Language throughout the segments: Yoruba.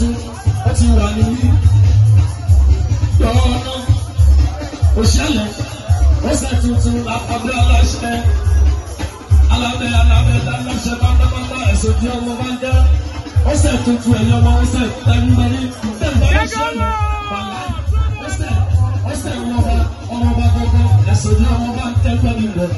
tú ó ti wà ní yọ̀ọ́ náà òṣèlú ó ṣe tuntun àkọ́bí aláṣẹ alábẹ́ alábẹ́ aláṣẹ pátápátá ẹ̀sọ́ tí ọmọ bá ń jẹ́ ó ṣe tuntun ẹ̀yọ́ ọmọ ó ṣe tẹ́gbẹ́rí tẹ́gbẹ́rí ṣẹlẹ̀ bàlá ó ṣe ó ṣe ọmọba ọmọba gbogbo ẹ̀sọ́ tí ọmọ bá ń tẹ́gbẹ́rí rẹ̀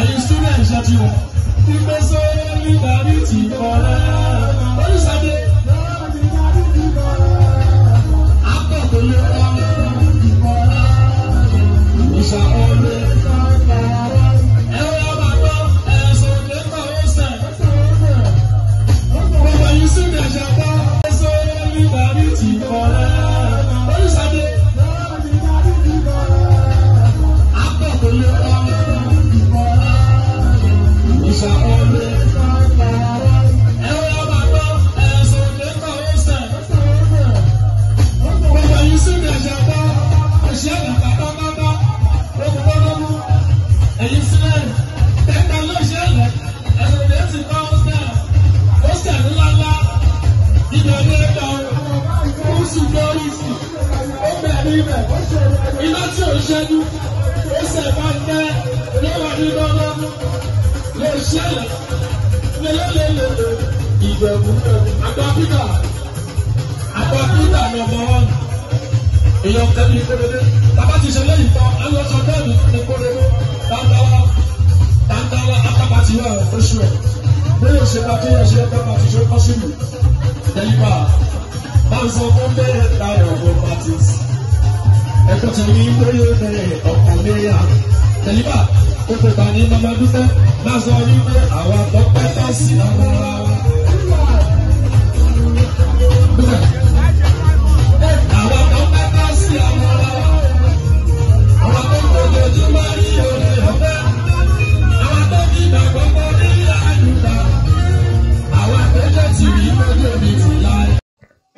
ẹ̀yin súnmọ́ ẹ̀ṣẹ́ tí wọ́n ìgbésẹ̀ orí ìdarí ti kọ́ rẹ̀ ó ṣe. ní ibẹ̀ iná tí ò ṣẹ́jú ó sì ẹ̀ máa lọ́wọ́ ní lè ṣẹlẹ̀ lélẹ́lẹ́lẹ́ ìbẹ̀wò àgbà pítà àgbà wọn èèyàn tẹ̀lé ìkórèlé bàbá ti ṣe lẹ́yìn tán á lọ ìkórèlé tàǹtàlà tàǹtàlà akábàtì wà oṣù ẹ̀ bẹ́ẹ̀ ṣe bá kéèyàn ṣe akábàtì ṣe kọ́ sínú tẹ̀lé bá ń sọ fún bẹ́ẹ̀ láyọ̀ ọ̀gbọ̀n pàtì tó ti rí péye ọ̀pọ̀ léyà. Tẹ̀lifà òkúta ní Mama máa sọ wípé àwọn àtọ́pẹ́ bá sí àwọn ará wa.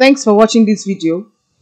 Thanks for watching this video.